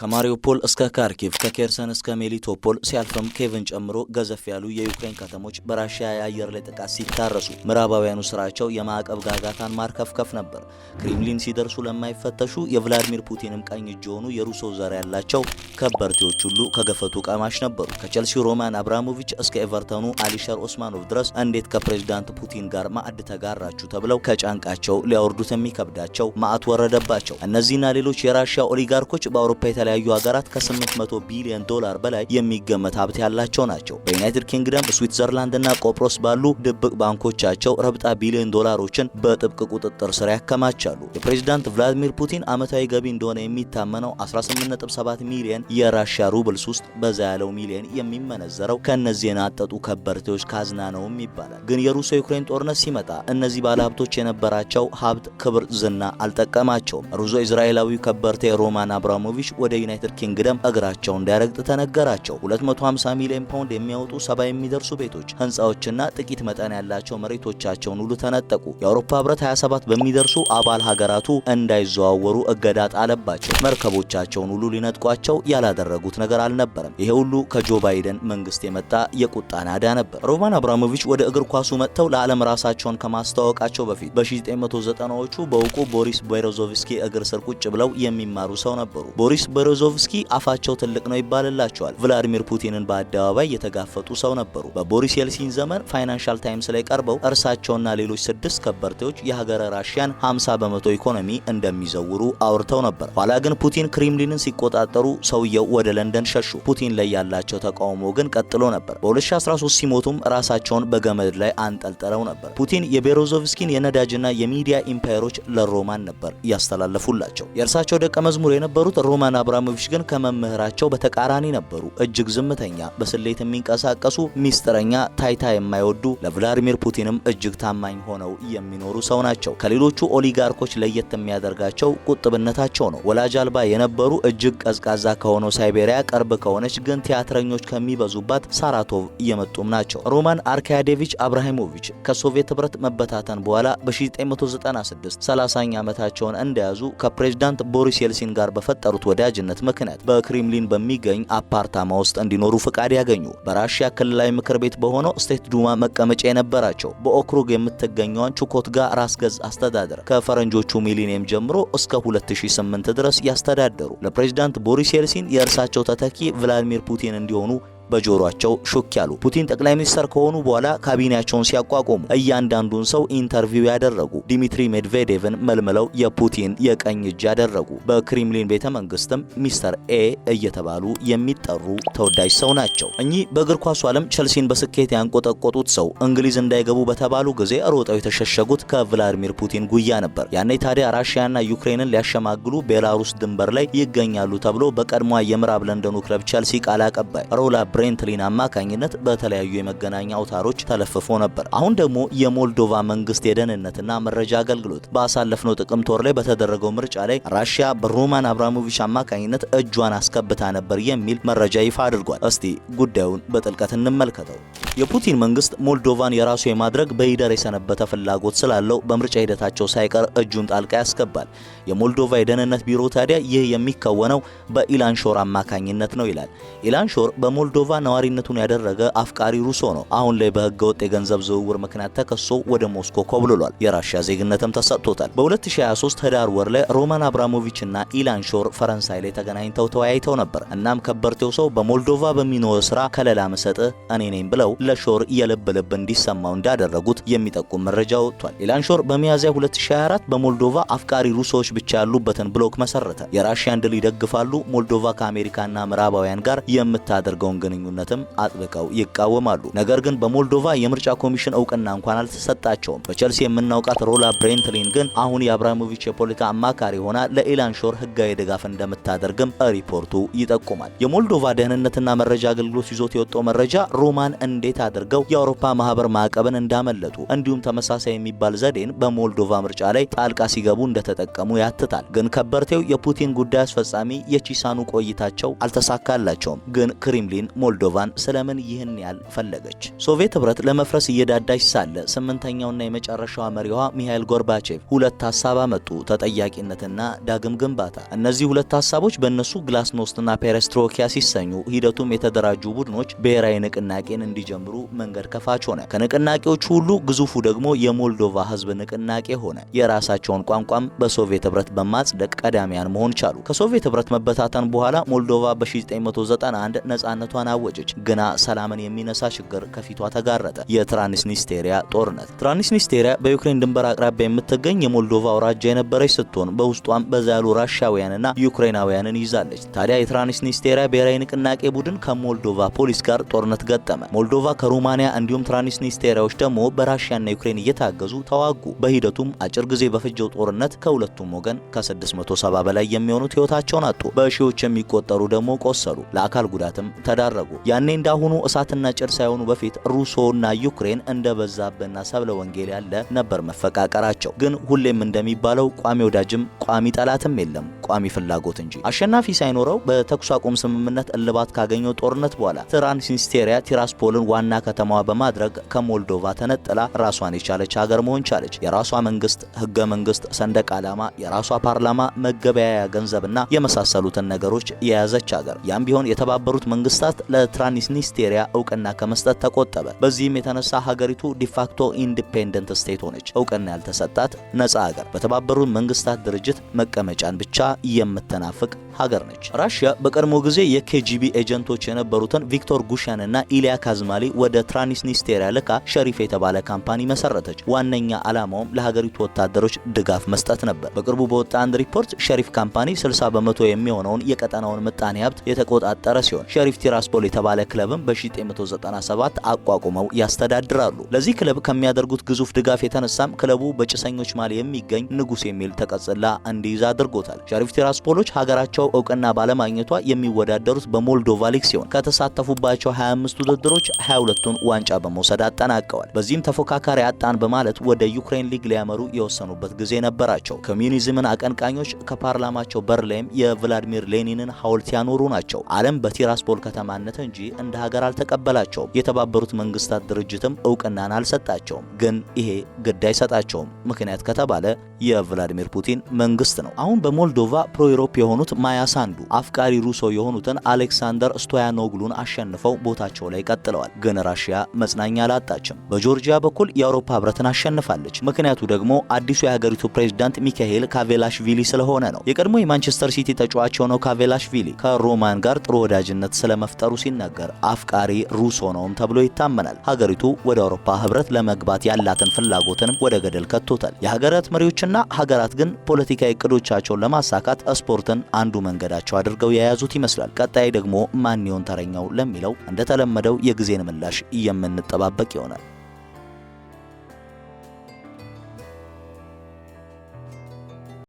ከማሪውፖል እስከ ካርኪቭ ከኬርሰን እስከ ሜሊቶፖል ሲያልፍም ኬቭን ጨምሮ ገዘፍ ያሉ የዩክሬን ከተሞች በራሽያ የአየር ላይ ጥቃት ሲታረሱ ምዕራባውያኑ ስራቸው የማዕቀብ ጋጋታን ማርከፍከፍ ነበር። ክሪምሊን ሲደርሱ ለማይፈተሹ የቭላዲሚር ፑቲንም ቀኝ እጅ የሆኑ የሩሶ ዘር ያላቸው ከበርቴዎች ሁሉ ከገፈቱ ቀማሽ ነበሩ። ከቼልሲው ሮማን አብራሞቪች እስከ ኤቨርተኑ አሊሸር ኦስማኖቭ ድረስ እንዴት ከፕሬዝዳንት ፑቲን ጋር ማዕድ ተጋራችሁ ተብለው ከጫንቃቸው ሊያወርዱት የሚከብዳቸው ማዕት ወረደባቸው። እነዚህና ሌሎች የራሽያ ኦሊጋርኮች በአውሮፓ የተለያዩ ሀገራት ከ800 ቢሊዮን ዶላር በላይ የሚገመት ሀብት ያላቸው ናቸው። በዩናይትድ ኪንግደም፣ ስዊትዘርላንድ እና ቆጵሮስ ባሉ ድብቅ ባንኮቻቸው ረብጣ ቢሊዮን ዶላሮችን በጥብቅ ቁጥጥር ስር ያከማቻሉ። የፕሬዚዳንት ቭላዲሚር ፑቲን ዓመታዊ ገቢ እንደሆነ የሚታመነው 18.7 ሚሊዮን የራሽያ ሩብልስ ውስጥ በዛ ያለው ሚሊዮን የሚመነዘረው ከእነዚህ የናጠጡ ከበርቴዎች ካዝና ነውም ይባላል። ግን የሩሲያ ዩክሬን ጦርነት ሲመጣ እነዚህ ባለሀብቶች የነበራቸው ሀብት፣ ክብር፣ ዝና አልጠቀማቸውም። ሩዞ እስራኤላዊ ከበርቴ ሮማን አብራሞቪች ወደ ዩናይትድ ኪንግደም እግራቸው እንዳይረግጥ ተነገራቸው። 250 ሚሊዮን ፓውንድ የሚያወጡ ሰባ የሚደርሱ ቤቶች፣ ህንፃዎችና ጥቂት መጠን ያላቸው መሬቶቻቸውን ሁሉ ተነጠቁ። የአውሮፓ ህብረት 27 በሚደርሱ አባል ሀገራቱ እንዳይዘዋወሩ እገዳ ጣለባቸው። መርከቦቻቸውን ሁሉ ሊነጥቋቸው ያላደረጉት ነገር አልነበረም። ይሄ ሁሉ ከጆ ባይደን መንግስት የመጣ የቁጣ ናዳ ነበር። ሮማን አብራሞቪች ወደ እግር ኳሱ መጥተው ለዓለም ራሳቸውን ከማስተዋወቃቸው በፊት በ1990ዎቹ በእውቁ ቦሪስ ቤሮዞቭስኪ እግር ስር ቁጭ ብለው የሚማሩ ሰው ነበሩ። ቦሪስ በሮዞቭስኪ አፋቸው ትልቅ ነው ይባልላቸዋል። ቭላዲሚር ፑቲንን በአደባባይ የተጋፈጡ ሰው ነበሩ። በቦሪስ የልሲን ዘመን ፋይናንሻል ታይምስ ላይ ቀርበው እርሳቸውና ሌሎች ስድስት ከበርቴዎች የሀገረ ራሽያን 50 በመቶ ኢኮኖሚ እንደሚዘውሩ አውርተው ነበር። ኋላ ግን ፑቲን ክሪምሊንን ሲቆጣጠሩ ሰውየው ወደ ለንደን ሸሹ። ፑቲን ላይ ያላቸው ተቃውሞ ግን ቀጥሎ ነበር። በ2013 ሲሞቱም ራሳቸውን በገመድ ላይ አንጠልጥለው ነበር። ፑቲን የቤሮዞቭስኪን የነዳጅና የሚዲያ ኢምፓየሮች ለሮማን ነበር ያስተላለፉላቸው። የእርሳቸው ደቀ መዝሙር የነበሩት ሮማን አብራ አብራሞቪች ግን ከመምህራቸው በተቃራኒ ነበሩ። እጅግ ዝምተኛ፣ በስሌት የሚንቀሳቀሱ ሚስጥረኛ፣ ታይታ የማይወዱ ለቭላዲሚር ፑቲንም እጅግ ታማኝ ሆነው የሚኖሩ ሰው ናቸው። ከሌሎቹ ኦሊጋርኮች ለየት የሚያደርጋቸው ቁጥብነታቸው ነው። ወላጅ አልባ የነበሩ እጅግ ቀዝቃዛ ከሆነው ሳይቤሪያ ቅርብ ከሆነች ግን ቲያትረኞች ከሚበዙባት ሳራቶቭ እየመጡም ናቸው። ሮማን አርካያዴቪች አብራሂሞቪች ከሶቪየት ህብረት መበታተን በኋላ በ1996 30ኛ ዓመታቸውን እንደያዙ ከፕሬዝዳንት ቦሪስ የልሲን ጋር በፈጠሩት ወዳጅ ተወላጅነት ምክንያት በክሬምሊን በሚገኝ አፓርታማ ውስጥ እንዲኖሩ ፈቃድ ያገኙ። በራሽያ ክልላዊ ምክር ቤት በሆነው ስቴት ዱማ መቀመጫ የነበራቸው በኦክሩግ የምትገኘዋን ቹኮትጋ ራስ ገዝ አስተዳደር ከፈረንጆቹ ሚሊኒየም ጀምሮ እስከ 2008 ድረስ ያስተዳደሩ። ለፕሬዝዳንት ቦሪስ የልሲን የእርሳቸው ተተኪ ቭላዲሚር ፑቲን እንዲሆኑ በጆሮአቸው ሹክ ያሉ ፑቲን ጠቅላይ ሚኒስተር ከሆኑ በኋላ ካቢኔያቸውን ሲያቋቁሙ እያንዳንዱን ሰው ኢንተርቪው ያደረጉ ዲሚትሪ ሜድቬዴቭን መልምለው የፑቲን የቀኝ እጅ ያደረጉ በክሪምሊን ቤተ መንግስትም ሚስተር ኤ እየተባሉ የሚጠሩ ተወዳጅ ሰው ናቸው። እኚህ በእግር ኳሱ ዓለም ቸልሲን በስኬት ያንቆጠቆጡት ሰው እንግሊዝ እንዳይገቡ በተባሉ ጊዜ ሮጠው የተሸሸጉት ከቭላዲሚር ፑቲን ጉያ ነበር። ያኔ ታዲያ ራሽያና ዩክሬንን ሊያሸማግሉ ቤላሩስ ድንበር ላይ ይገኛሉ ተብሎ በቀድሞ የምዕራብ ለንደኑ ክለብ ቸልሲ ቃል አቀባይ ሮላ ብሬንትሊን አማካኝነት በተለያዩ የመገናኛ አውታሮች ተለፍፎ ነበር። አሁን ደግሞ የሞልዶቫ መንግስት የደህንነትና መረጃ አገልግሎት ባሳለፍነው ጥቅምት ወር ላይ በተደረገው ምርጫ ላይ ራሽያ በሮማን አብራሞቪች አማካኝነት እጇን አስከብታ ነበር የሚል መረጃ ይፋ አድርጓል። እስቲ ጉዳዩን በጥልቀት እንመልከተው። የፑቲን መንግስት ሞልዶቫን የራሱ የማድረግ በይደር የሰነበተ ፍላጎት ስላለው በምርጫ ሂደታቸው ሳይቀር እጁን ጣልቃ ያስገባል። የሞልዶቫ የደህንነት ቢሮ ታዲያ ይህ የሚከወነው በኢላንሾር አማካኝነት ነው ይላል። ኢላንሾር በሞልዶ ሞልዶቫ ነዋሪነቱን ያደረገ አፍቃሪ ሩሶ ነው። አሁን ላይ በህገ ወጥ የገንዘብ ዝውውር ምክንያት ተከሶ ወደ ሞስኮ ኮብልሏል። የራሽያ ዜግነትም ተሰጥቶታል። በ2023 ህዳር ወር ላይ ሮማን አብራሞቪች እና ኢላን ሾር ፈረንሳይ ላይ ተገናኝተው ተወያይተው ነበር። እናም ከበርቴው ሰው በሞልዶቫ በሚኖር ስራ ከለላ መሰጥ እኔ ነኝ ብለው ለሾር የልብ ልብ እንዲሰማው እንዳደረጉት የሚጠቁም መረጃ ወጥቷል። ኢላን ሾር በሚያዝያ 2024 በሞልዶቫ አፍቃሪ ሩሶዎች ብቻ ያሉበትን ብሎክ መሰረተ። የራሽያን ድል ይደግፋሉ። ሞልዶቫ ከአሜሪካና ምዕራባውያን ጋር የምታደርገውን ግን ግንኙነትም አጥብቀው ይቃወማሉ። ነገር ግን በሞልዶቫ የምርጫ ኮሚሽን እውቅና እንኳን አልተሰጣቸውም። በቸልሲ የምናውቃት ሮላ ብሬንትሊን ግን አሁን የአብራሞቪች የፖለቲካ አማካሪ ሆና ለኢላን ሾር ህጋዊ ድጋፍ እንደምታደርግም ሪፖርቱ ይጠቁማል። የሞልዶቫ ደህንነትና መረጃ አገልግሎት ይዞት የወጣው መረጃ ሮማን እንዴት አድርገው የአውሮፓ ማህበር ማዕቀብን እንዳመለጡ እንዲሁም ተመሳሳይ የሚባል ዘዴን በሞልዶቫ ምርጫ ላይ ጣልቃ ሲገቡ እንደተጠቀሙ ያትታል። ግን ከበርቴው የፑቲን ጉዳይ አስፈጻሚ የቺሳኑ ቆይታቸው አልተሳካላቸውም። ግን ክሬምሊን ሞልዶቫን ስለምን ይህን ያህል ፈለገች? ሶቪየት ህብረት ለመፍረስ እየዳዳች ሳለ ስምንተኛውና የመጨረሻዋ መሪዋ ሚሃይል ጎርባቼቭ ሁለት ሀሳብ አመጡ፣ ተጠያቂነትና ዳግም ግንባታ። እነዚህ ሁለት ሀሳቦች በእነሱ ግላስኖስትና ፔረስትሮኪያ ሲሰኙ ሂደቱም የተደራጁ ቡድኖች ብሔራዊ ንቅናቄን እንዲጀምሩ መንገድ ከፋች ሆነ። ከንቅናቄዎቹ ሁሉ ግዙፉ ደግሞ የሞልዶቫ ህዝብ ንቅናቄ ሆነ። የራሳቸውን ቋንቋም በሶቪየት ህብረት በማጽደቅ ቀዳሚያን መሆን ቻሉ። ከሶቪየት ህብረት መበታተን በኋላ ሞልዶቫ በ1991 ነጻነቷን አወጀች። ግና ሰላምን የሚነሳ ችግር ከፊቷ ተጋረጠ፤ የትራንስኒስቴሪያ ጦርነት። ትራንስኒስቴሪያ በዩክሬን ድንበር አቅራቢያ የምትገኝ የሞልዶቫ አውራጃ የነበረች ስትሆን በውስጧም በዛ ያሉ ራሻውያንና ዩክሬናውያንን ይዛለች። ታዲያ የትራንስኒስቴሪያ ብሔራዊ ንቅናቄ ቡድን ከሞልዶቫ ፖሊስ ጋር ጦርነት ገጠመ። ሞልዶቫ ከሩማንያ እንዲሁም ትራንስኒስቴሪያዎች ደግሞ በራሽያና ዩክሬን እየታገዙ ተዋጉ። በሂደቱም አጭር ጊዜ በፈጀው ጦርነት ከሁለቱም ወገን ከ670 በላይ የሚሆኑት ህይወታቸውን አጡ። በሺዎች የሚቆጠሩ ደግሞ ቆሰሉ፣ ለአካል ጉዳትም ተዳረ አደረጉ። ያኔ እንዳሁኑ እሳትና ጭድ ሳይሆኑ በፊት ሩሶና ዩክሬን እንደ በዛብህና ሰብለ ወንጌል ያለ ነበር መፈቃቀራቸው። ግን ሁሌም እንደሚባለው ቋሚ ወዳጅም ቋሚ ጠላትም የለም፣ ቋሚ ፍላጎት እንጂ። አሸናፊ ሳይኖረው በተኩስ አቁም ስምምነት እልባት ካገኘው ጦርነት በኋላ ትራንስኒስቴሪያ ቲራስፖልን ዋና ከተማዋ በማድረግ ከሞልዶቫ ተነጥላ ራሷን የቻለች ሀገር መሆን ቻለች። የራሷ መንግስት፣ ህገ መንግስት፣ ሰንደቅ ዓላማ፣ የራሷ ፓርላማ፣ መገበያያ ገንዘብና የመሳሰሉትን ነገሮች የያዘች ሀገር። ያም ቢሆን የተባበሩት መንግስታት ለትራንስኒስቴሪያ እውቅና ከመስጠት ተቆጠበ። በዚህም የተነሳ ሀገሪቱ ዲፋክቶ ኢንዲፔንደንት ስቴት ሆነች። እውቅና ያልተሰጣት ነጻ ሀገር፣ በተባበሩት መንግስታት ድርጅት መቀመጫን ብቻ የምትናፍቅ ሀገር ነች። ራሽያ በቀድሞ ጊዜ የኬጂቢ ኤጀንቶች የነበሩትን ቪክቶር ጉሻንና ኢሊያ ካዝማሊ ወደ ትራንስኒስቴሪያ ልካ ሸሪፍ የተባለ ካምፓኒ መሰረተች። ዋነኛ ዓላማውም ለሀገሪቱ ወታደሮች ድጋፍ መስጠት ነበር። በቅርቡ በወጣ አንድ ሪፖርት ሸሪፍ ካምፓኒ 60 በመቶ የሚሆነውን የቀጠናውን ምጣኔ ሀብት የተቆጣጠረ ሲሆን ሸሪፍ ቲራስ ሊስፖል የተባለ ክለብም በ1997 አቋቁመው ያስተዳድራሉ። ለዚህ ክለብ ከሚያደርጉት ግዙፍ ድጋፍ የተነሳም ክለቡ በጭሰኞች ማል የሚገኝ ንጉስ የሚል ተቀጽላ እንዲይዝ አድርጎታል። ሸሪፍ ቲራስፖሎች ሀገራቸው እውቅና ባለማግኘቷ የሚወዳደሩት በሞልዶቫ ሊግ ሲሆን ከተሳተፉባቸው 25 ውድድሮች 22ቱን ዋንጫ በመውሰድ አጠናቀዋል። በዚህም ተፎካካሪ አጣን በማለት ወደ ዩክሬን ሊግ ሊያመሩ የወሰኑበት ጊዜ ነበራቸው። ኮሚኒዝምን አቀንቃኞች ከፓርላማቸው በር ላይም የቭላዲሚር ሌኒንን ሐውልት ያኖሩ ናቸው። ዓለም በቲራስፖል ከተማ በባለቤትነት እንጂ እንደ ሀገር አልተቀበላቸውም። የተባበሩት መንግስታት ድርጅትም እውቅናን አልሰጣቸውም። ግን ይሄ ግድ አይሰጣቸውም። ምክንያት ከተባለ የቭላዲሚር ፑቲን መንግስት ነው። አሁን በሞልዶቫ ፕሮዩሮፕ የሆኑት ማያ ሳንዱ አፍቃሪ ሩሶ የሆኑትን አሌክሳንደር ስቶያኖግሉን አሸንፈው ቦታቸው ላይ ቀጥለዋል። ግን ራሽያ መጽናኛ አላጣችም። በጆርጂያ በኩል የአውሮፓ ህብረትን አሸንፋለች። ምክንያቱ ደግሞ አዲሱ የሀገሪቱ ፕሬዝዳንት ሚካኤል ካቬላሽቪሊ ስለሆነ ነው። የቀድሞ የማንቸስተር ሲቲ ተጫዋች የሆነው ካቬላሽቪሊ ከሮማን ጋር ጥሩ ወዳጅነት ስለመፍጠሩ ሲነገር አፍቃሪ ሩሶ ነውም ተብሎ ይታመናል። ሀገሪቱ ወደ አውሮፓ ህብረት ለመግባት ያላትን ፍላጎትንም ወደ ገደል ከቶታል። የሀገራት መሪዎች ሀገሮችና ሀገራት ግን ፖለቲካዊ እቅዶቻቸውን ለማሳካት ስፖርትን አንዱ መንገዳቸው አድርገው የያዙት ይመስላል። ቀጣይ ደግሞ ማን ይሆን ተረኛው ለሚለው እንደተለመደው የጊዜን ምላሽ የምንጠባበቅ ይሆናል።